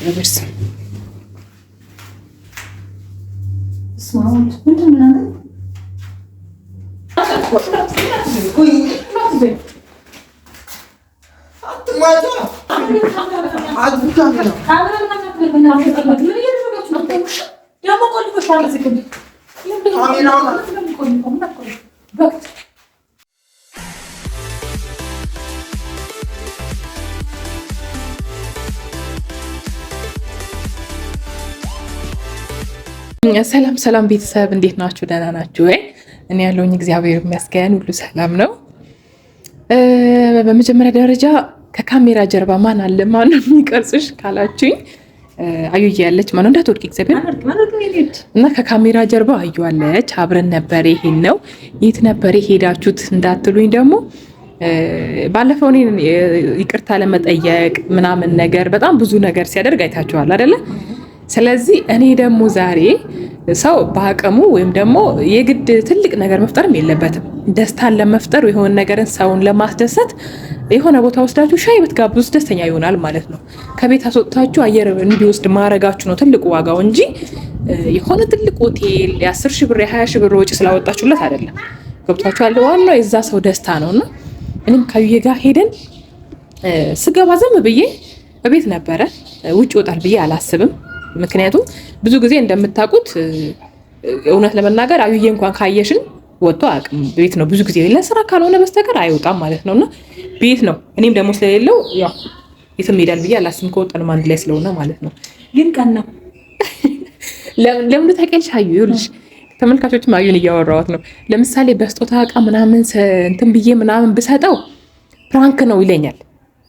በርስ ምንድን ምናምን ሰላም ሰላም ቤተሰብ እንዴት ናችሁ? ደህና ናችሁ ወይ? እኔ ያለውኝ እግዚአብሔር ይመስገን ሁሉ ሰላም ነው። በመጀመሪያ ደረጃ ከካሜራ ጀርባ ማን አለ ማን ነው የሚቀርጽሽ ካላችሁኝ አዩዬ ያለች ማነው እንዳትወድቅ እግዚአብሔር እና ከካሜራ ጀርባ አዩዋለች። አብረን ነበር ይሄን ነው የት ነበር ሄዳችሁት እንዳትሉኝ ደግሞ ባለፈው እኔን ይቅርታ ለመጠየቅ ምናምን ነገር በጣም ብዙ ነገር ሲያደርግ አይታችኋል አይደለ? ስለዚህ እኔ ደግሞ ዛሬ ሰው በአቅሙ ወይም ደግሞ የግድ ትልቅ ነገር መፍጠርም የለበትም። ደስታን ለመፍጠር የሆነ ነገርን ሰውን ለማስደሰት የሆነ ቦታ ወስዳችሁ ሻይ ብትጋብዙት ደስተኛ ይሆናል ማለት ነው። ከቤት አስወጥታችሁ አየር እንዲወስድ ማድረጋችሁ ነው ትልቁ ዋጋው እንጂ የሆነ ትልቅ ሆቴል የአስር ሺህ ብር የሀያ ሺህ ብር ወጪ ስላወጣችሁለት አይደለም። ገብቷችኋል? ዋናው የዛ ሰው ደስታ ነው እና እኔም ከዩዬ ጋር ሄደን ስገባ ዝም ብዬ በቤት ነበረ ውጭ ይወጣል ብዬ አላስብም። ምክንያቱም ብዙ ጊዜ እንደምታውቁት እውነት ለመናገር አዩዬ እንኳን ካየሽን ወጥቶ አያውቅም። ቤት ነው ብዙ ጊዜ ለስራ ካልሆነ በስተቀር አይወጣም ማለት ነው እና ቤት ነው። እኔም ደግሞ ስለሌለው ያው የትም ሄዳል ብዬ አላስም ከወጣንም አንድ ላይ ስለሆነ ማለት ነው። ግን ቀን ነው ለምንዱ ታውቂያለሽ፣ አዩ ይኸውልሽ፣ ተመልካቾችም አዩን እያወራኋት ነው። ለምሳሌ በስጦታ እቃ ምናምን እንትን ብዬ ምናምን ብሰጠው ፕራንክ ነው ይለኛል።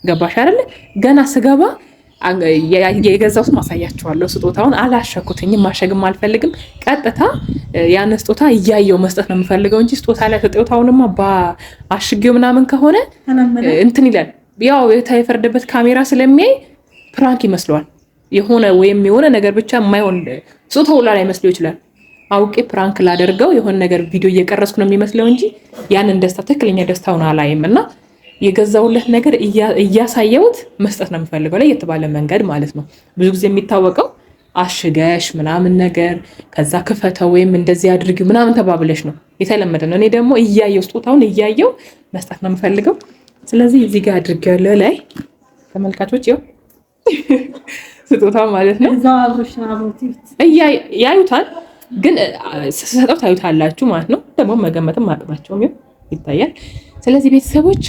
ገባሽ አይደለ? ገና ስገባ የገዛሁትን ማሳያቸዋለሁ። ስጦታውን አላሸኩትኝም፣ ማሸግም አልፈልግም። ቀጥታ ያን ስጦታ እያየው መስጠት ነው የምፈልገው እንጂ ስጦታ ላይ ስጦታውንማ በአሽጌው ምናምን ከሆነ እንትን ይላል። ያው የፈረደበት ካሜራ ስለሚያይ ፕራንክ ይመስለዋል። የሆነ ወይም የሆነ ነገር ብቻ የማይሆን ስጦታው ላይ ይመስለው ይችላል። አውቄ ፕራንክ ላደርገው የሆነ ነገር ቪዲዮ እየቀረስኩ ነው የሚመስለው እንጂ ያንን ደስታ ትክክለኛ ደስታውን አላይም እና የገዛውለት ነገር እያሳየውት መስጠት ነው የሚፈልገው ላይ የተባለ መንገድ ማለት ነው። ብዙ ጊዜ የሚታወቀው አሽገሽ ምናምን ነገር ከዛ ክፈተ ወይም እንደዚህ አድርጊ ምናምን ተባብለሽ ነው የተለመደ ነው። እኔ ደግሞ እያየው ስጦታውን እያየው መስጠት ነው የምፈልገው። ስለዚህ እዚህ ጋር አድርግ ላይ ተመልካቾች ው ስጦታ ማለት ነው ያዩታል፣ ግን ስሰጠው ታዩታላችሁ ማለት ነው። ደግሞ መገመትም አቅማቸውም ይታያል። ስለዚህ ቤተሰቦች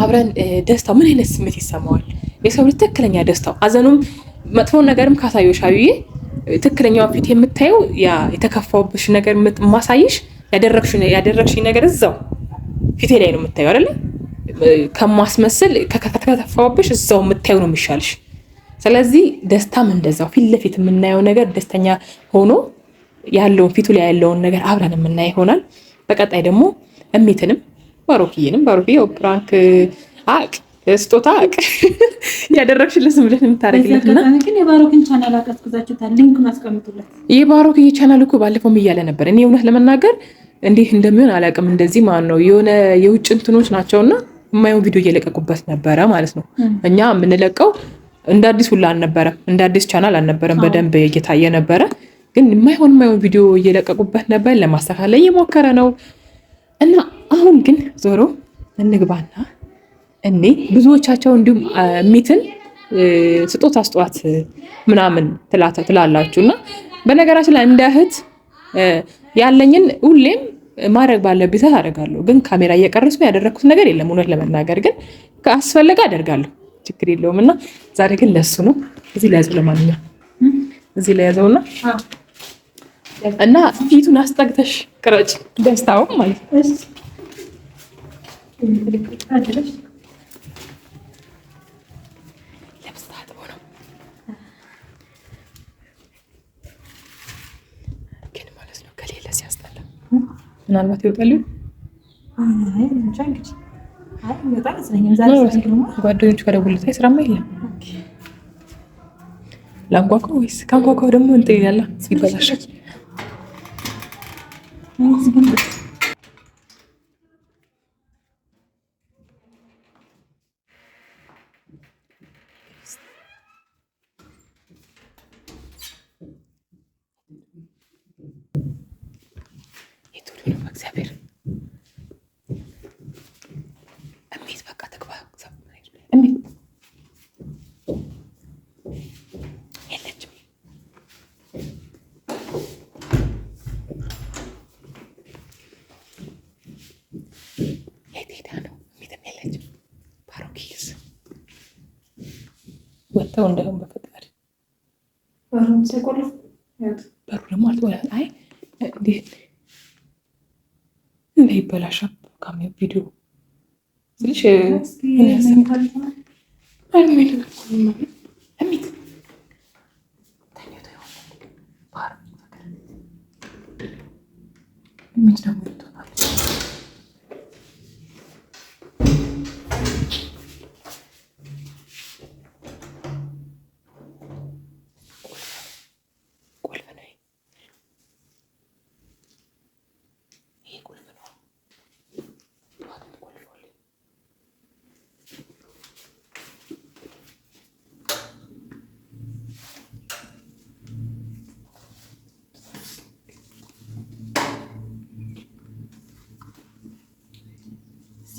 አብረን ደስታው ምን አይነት ስሜት ይሰማዋል? የሰው ልጅ ትክክለኛ ደስታው አዘኑም መጥፎን ነገርም ካሳዩሽ አብዬ ትክክለኛው ፊት የምታየው ያ የተከፋውብሽ ነገር ማሳይሽ ያደረግሽ ነገር እዛው ፊቴ ላይ ነው የምታየው አይደለ? ከማስመስል ከተከፋውብሽ እዛው የምታየው ነው የሚሻልሽ። ስለዚህ ደስታም እንደዛው ፊት ለፊት የምናየው ነገር ደስተኛ ሆኖ ያለውን ፊቱ ላይ ያለውን ነገር አብረን የምናየው ይሆናል። በቀጣይ ደግሞ እሚትንም ባሮክዬንም ባሮክ ያው ፕራንክ አቅ ስጦታ አቅ ያደረግሽለት ዝም ብለህ የምታደርግለት የባሮክን ቻናል አቀዝቅዛችሁታል። ሊንኩን አስቀምጡለት። ቻናል እኮ ባለፈውም እያለ ነበር። እኔ እውነት ለመናገር እንዲህ እንደሚሆን አላውቅም። እንደዚህ ማን ነው የሆነ የውጭ እንትኖች ናቸውና የማየውን ቪዲዮ እየለቀቁበት ነበረ ማለት ነው። እኛ የምንለቀው እንደ አዲስ ሁላ አልነበረም፣ እንደ አዲስ ቻናል አልነበረም። በደንብ እየታየ ነበረ፣ ግን የማይሆን የማይሆን ቪዲዮ እየለቀቁበት ነበር። ለማስተካከል እየሞከረ ነው እና አሁን ግን ዞሮ እንግባና እኔ ብዙዎቻቸው እንዲሁም ሚትን ስጦታ አስጠዋት ምናምን ትላላችሁ እና በነገራችን ላይ እንደ እህት ያለኝን ሁሌም ማድረግ ባለብኝ ሰዓት አደርጋለሁ። ግን ካሜራ እየቀረስኩ ያደረግኩት ነገር የለም። እውነት ለመናገር ግን ከአስፈለገ አደርጋለሁ፣ ችግር የለውም። እና ዛሬ ግን ለሱ ነው እዚህ ላይ ያዘው። ለማንኛውም እዚህ ላይ ያዘውና እና ፊቱን አስጠግተሽ ቅረጭ፣ ደስታውም ማለት ነው። ሲያስጠላ ምናልባት ይወጣሉ። ጓደኞቹ ከደወሉት ስራማ የለም ላንኳኳ ወይስ ካንኳኳ ደግሞ እንትን ይላል ይበላሻል። Thanks, በሩ ደግሞ አልተወላል። አይ እንዴት ይበላሻል ካሜራ ቪዲዮ ስልሽ ሚት ደግሞ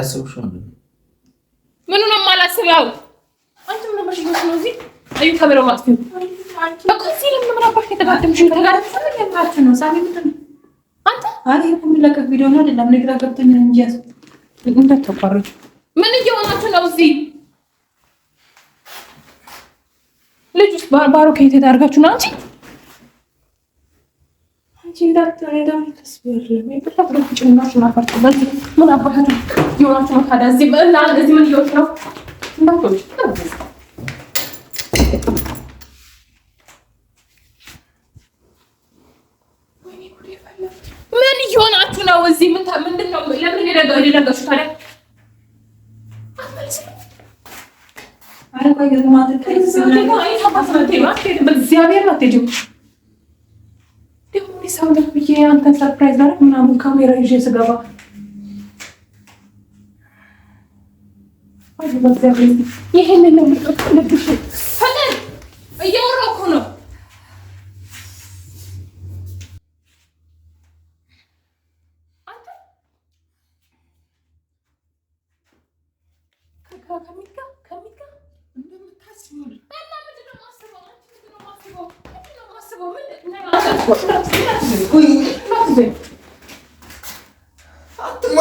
ያሰብሽው ምንድን ነው? ምኑን ነው የማላስበው? አንተም ነው በሽታ ስለዚህ እዩ ከበለው ማጥፊ እኮ እዚህ ለምን አባሽ የተጋደምሽ ተጋደምሽ ለማለት ነው። ሳሚ ምንድን ነው አንተ? አሬ የሚለቀቅ ቪዲዮ ነው አይደለም? ንግራ ገብቶኝ ነው እንጂ እንዳታቋርጭ። ምን እየሆናችሁ ነው? እዚህ ልጅ ውስጥ ባሮኬት አድርጋችሁ ነው አንቺ አንቺ ምን አባህል ነው ታዲያ? እዚህ ምን ሊሆን ነው? ምን እየሆናችሁ ነው? እዚህ ምንድን ነው? ለምን የደጋችሁ እግዚአብሔር ነው። ሰው አመት ብዬ አንተ ሰርፕራይዝ ላደርግ ምናምን ካሜራ ይዤ ስገባ ይህንን ነው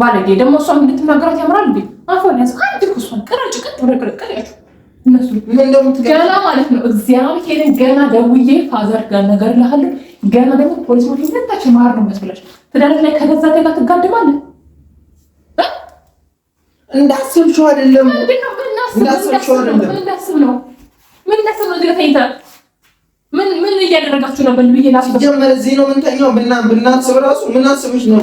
ባለጌ ደግሞ እሷ እንድትነግራት ያምራል እንዴ? አፈን ያዝ አንድ ኩሷን ቀራጭ ቀጥ ብለ ቀረቀሪያች እነሱ ገና ማለት ነው። እግዚአብሔርን ገና ደውዬ ፋዘር ጋር ነገር እልሃለሁ። ገና ደግሞ ፖሊስ ሞ ይዘታች ማር ነው መስለች ትዳር ላይ ከገዛ ጋር ትጋድማለ እንዳስብሽው አይደለም እንዳስብሽው እንዳስብ ነው ምን እንዳስብ ነው እዚህ ተኝተህ ምን ምን እያደረጋችሁ ነበር ብዬ ላስ ጀመረ እዚህ ነው ምንተኛው ብናስብ ራሱ ምን አስብሽ ነው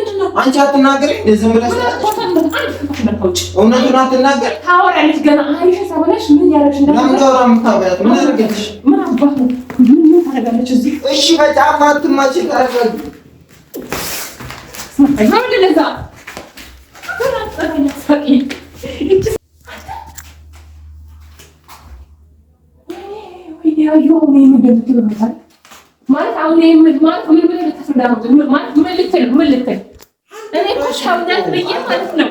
አንቺ አትናገሪ፣ ዝም ብለሽ እውነቱን አትናገሪ። ታወራለች ገና ምን ማለት ምን ልትል ምን ልትል እኔ እኮ ሰውነት ብዬ ማለት ነው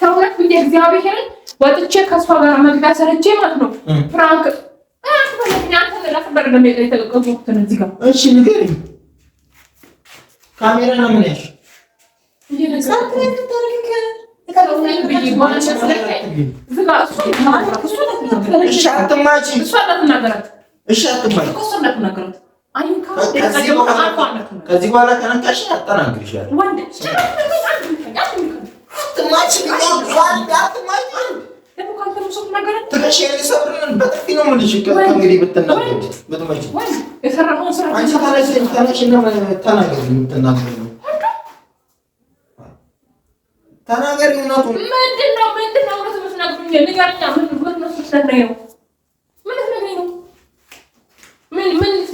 ሰውነት ብዬ እግዚአብሔርን ወጥቼ ከእሷ ጋር መግቢያ ሰርቼ ማለት ነው ፍራንክ ካሜራ ከዚህ በኋላ ከነካሽ አጠናግርሻለሁ። በጥፊ ነው የምልሽ። እንግዲህ ብትናገሪ ብትመጪ ተናገሪ ተናገሪ እውነቱን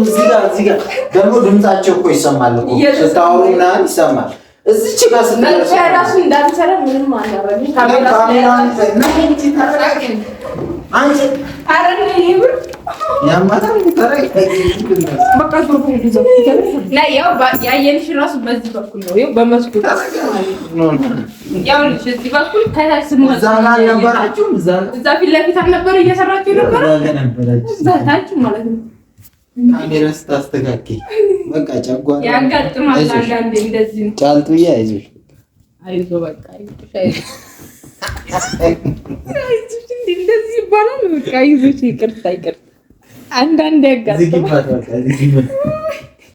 እዚህ ጋር እዚህ ጋር ደግሞ ድምጻቸው እኮ ይሰማል ስታወሩ ምናምን ይሰማል። እዚች ጋር ራሱ በዚህ በኩል ነው። ፊት ለፊት አልነበረ እየሰራችሁ ነበረ ማለት ነው ካሜራ ስታስተካክል በቃ ጨጓራ ያጋጥማል። አንዳንዴ እንደዚህ አይዞሽ፣ አይዞ በቃ አይዞሽ፣ አይዞሽ እንደዚህ ይባላል። በቃ አይዞሽ፣ ይቅርታ፣ ይቅርታ። አንዳንዴ ያጋጥማል።